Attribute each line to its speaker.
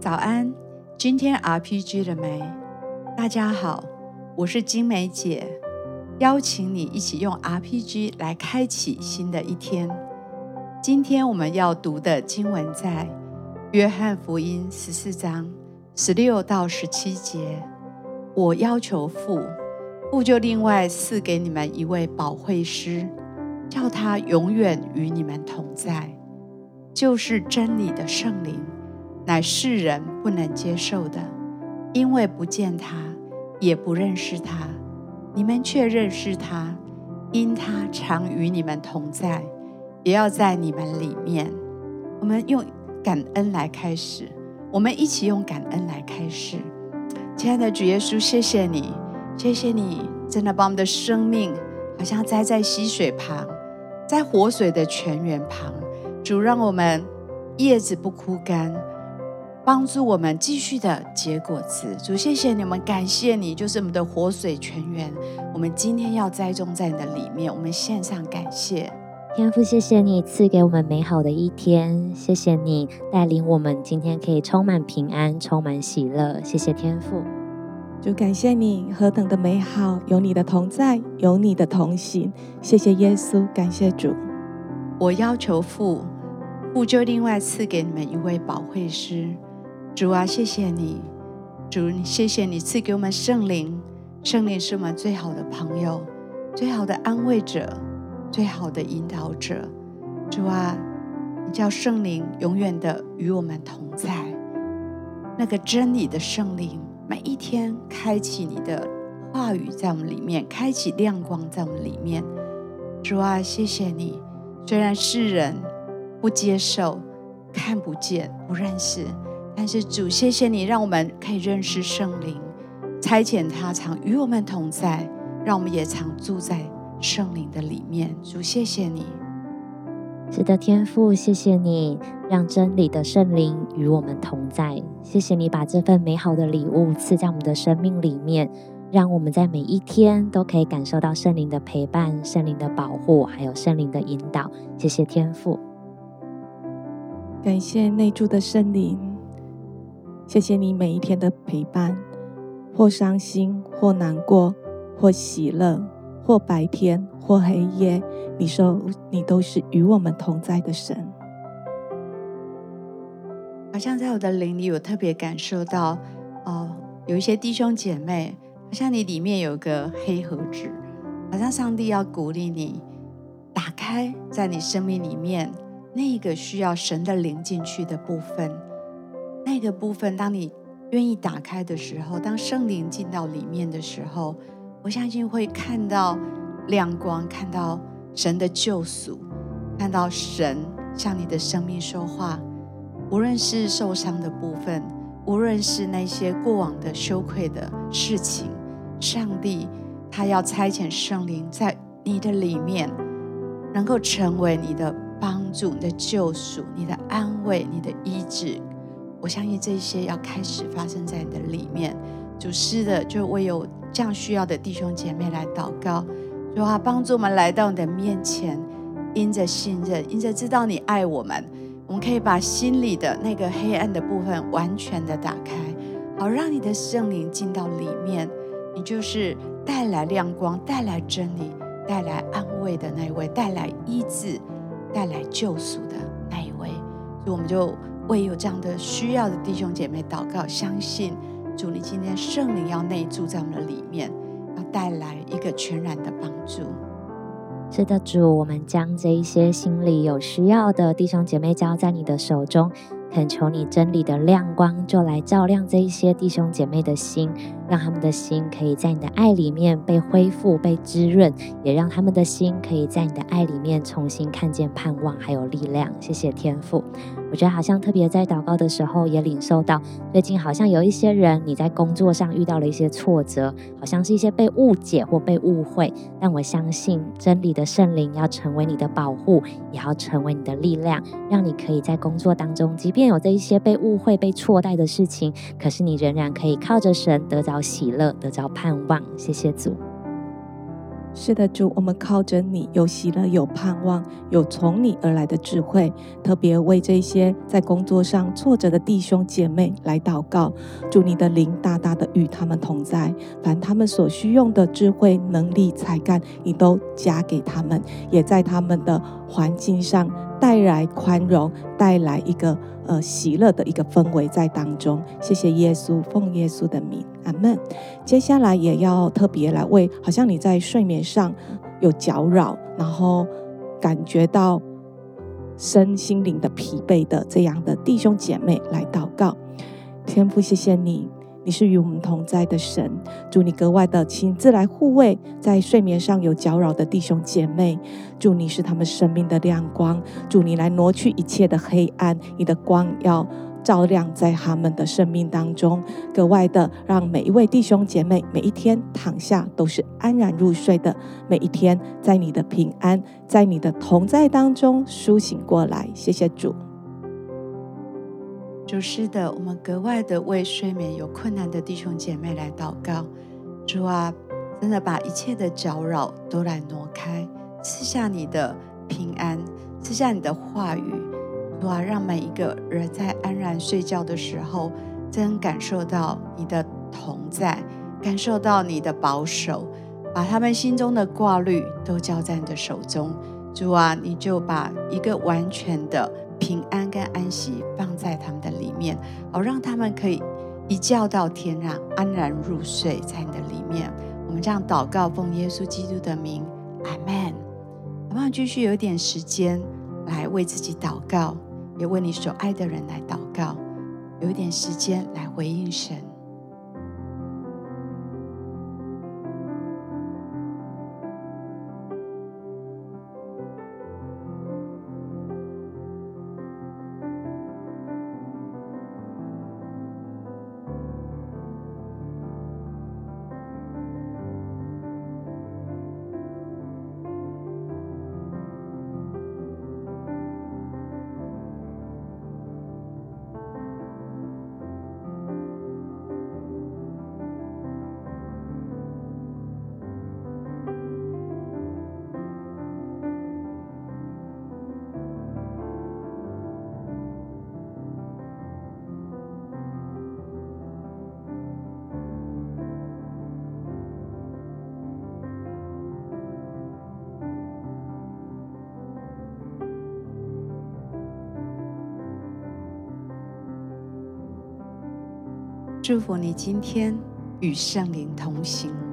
Speaker 1: 早安，今天 RPG 了沒？大家好，我是晶玫姊，邀請你一起用 RPG 來開啟新的一天。今天我們要讀的經文在約翰福音十四章十六到十七節。我要求父，父就另外賜給你們一位保惠師，叫他永遠與你們同在，就是真理的聖靈。乃世人不能接受的，因為不見他，也不認識他，你們卻認識他，因他常與你們同在，也要在你們裡面。我們用感恩來開始，我們一起用感恩來開始，親愛的主耶穌，謝謝你，謝謝你，真的把我們的生命好像栽在溪水旁，在活水的泉源旁。主，讓我們葉子不枯乾。幫助我們繼續的結果子。主，謝謝你們，感謝你，就是我們的活水泉源。我們今天要栽種在你的裡面，我們獻上感謝。
Speaker 2: 天父，謝謝你賜給我們美好的一天，謝謝你帶領我們今天可以充滿平安，充滿喜樂。謝謝天父，就感謝你何等的美
Speaker 3: 好，有你的同在，有你的同行。謝謝耶穌，感謝主。
Speaker 1: 我要求父，父就另外賜給你們一位保惠師。主啊，謝謝你，主，謝謝你賜給我們聖靈。聖靈是我們最好的朋友，最好的安慰者，最好的引導者。主啊，你叫聖靈永遠的與我們同在。那個真理的聖靈，每一天開啟你的話語在我們裡面，開啟亮光在我們裡面。主啊，謝謝你。雖然世人不接受，看不見，不認識。但是主，謝謝你讓我們可以認識聖靈，差遣他常與我們同在，讓我們也常住在聖靈的裡面。主，謝謝你，
Speaker 2: 值得天父，謝謝你讓真理的聖靈與我們同在。謝謝你把這份美好的禮物賜在我們的生命裡面，讓我們在每一天都可以感受到聖靈的陪伴、聖靈的保護，還有聖靈的引導。謝謝天父，感謝內住的聖靈。
Speaker 3: 謝謝你每一天的陪伴，或傷心，或難過，或喜樂，或白天，或黑夜，你說你都是與我們同在的神。
Speaker 1: 好像在我的靈裡，我特別感受到，哦，有一些弟兄姐妹，好像你裡面有個黑盒子，好像上帝要鼓勵你打開，在你生命裡面那一個需要神的靈進去的部分。那個部分，當你願意打開的時候，當聖靈進到裡面的時候，我相信會看到亮光，看到神的救贖，看到神向你的生命說話。無論是受傷的部分，無論是那些過往的羞愧的事情，上帝他要差遣聖靈在你的裡面，能夠成為你的幫助、你的救贖、你的安慰、你的醫治。我相信這些要開始發生在你的裡面。主，是的，就為有這樣需要的弟兄姐妹來禱告，就啊幫助我們來到你的面前，因着信任，因着知道你愛我們，我們可以把心裡的那個黑暗的部分完全的打開，好讓你的聖靈進到裡面。你就是帶來亮光、帶來真理、帶來安慰的那一位，帶來醫治、帶來救贖的那一位。所以我們就。為有這樣的需要的弟兄姐妹禱告，相信主，你今天聖靈要內住在我們的裡面，要帶來一個全然的幫助。
Speaker 2: 是的，主，我們將這一些心裡有需要的弟兄姐妹交在你的手中，懇求你真理的亮光，就來照亮這一些弟兄姐妹的心。讓他們的心可以在你的愛裡面被恢復、被滋潤，也讓他們的心可以在你的愛裡面重新看見盼望還有力量。謝謝天父，我覺得好像特別在禱告的時候也領受到，最近好像有一些人你在工作上遇到了一些挫折，好像是一些被誤解或被誤會。但我相信真理的聖靈要成為你的保護，也要成為你的力量，讓你可以在工作當中，即便有這一些被誤會、被錯待的事情，可是你仍然可以靠着神得着。喜樂，得着盼望。謝謝主。是的，主，我們靠着你有喜樂，有盼望，有
Speaker 3: 從你而來的智慧。特別為這些在工作上挫折的弟兄姐妹來禱告，祝你的靈大大的與他們同在。凡他們所需用的智慧、能力、才幹，你都加給他們，也在他們的環境上。帶來寬容，帶來一個呃喜樂的一個氛圍在當中。謝謝耶穌，奉耶穌的名，阿們。接下來也要特別來為好像你在睡眠上有攪擾，然後感覺到身心靈的疲憊的這樣的弟兄姐妹來禱告。天父，謝謝你。你是與我們同在的神，祝你格外的親自來護衛，在睡眠上有攪擾的弟兄姐妹。祝你是他們生命的亮光，祝你來挪去一切的黑暗。你的光要照亮在他們的生命當中，格外的讓每一位弟兄姐妹每一天躺下都是安然入睡的。每一天在你的平安，在你的同在當中甦醒過來。謝謝主。
Speaker 1: 主，是的，我們格外的為睡眠有困難的弟兄姐妹來禱告。主啊，真的把一切的攪擾都來挪開，賜下你的平安，賜下你的話語。主啊，讓每一個人在安然睡覺的時候，真感受到你的同在，感受到你的保守，把他們心中的掛慮都交在你的手中。主啊，你就把一個完全的平安跟安息放在他們的裡面，好，讓他們可以一覺到天亮，安然入睡在你的裡面。我們這樣禱告，奉耶穌基督的名，阿門。好不好？繼續有點時間來為自己禱告，也為你所愛的人來禱告，有點時間來回應神。祝福你今天與聖靈同行。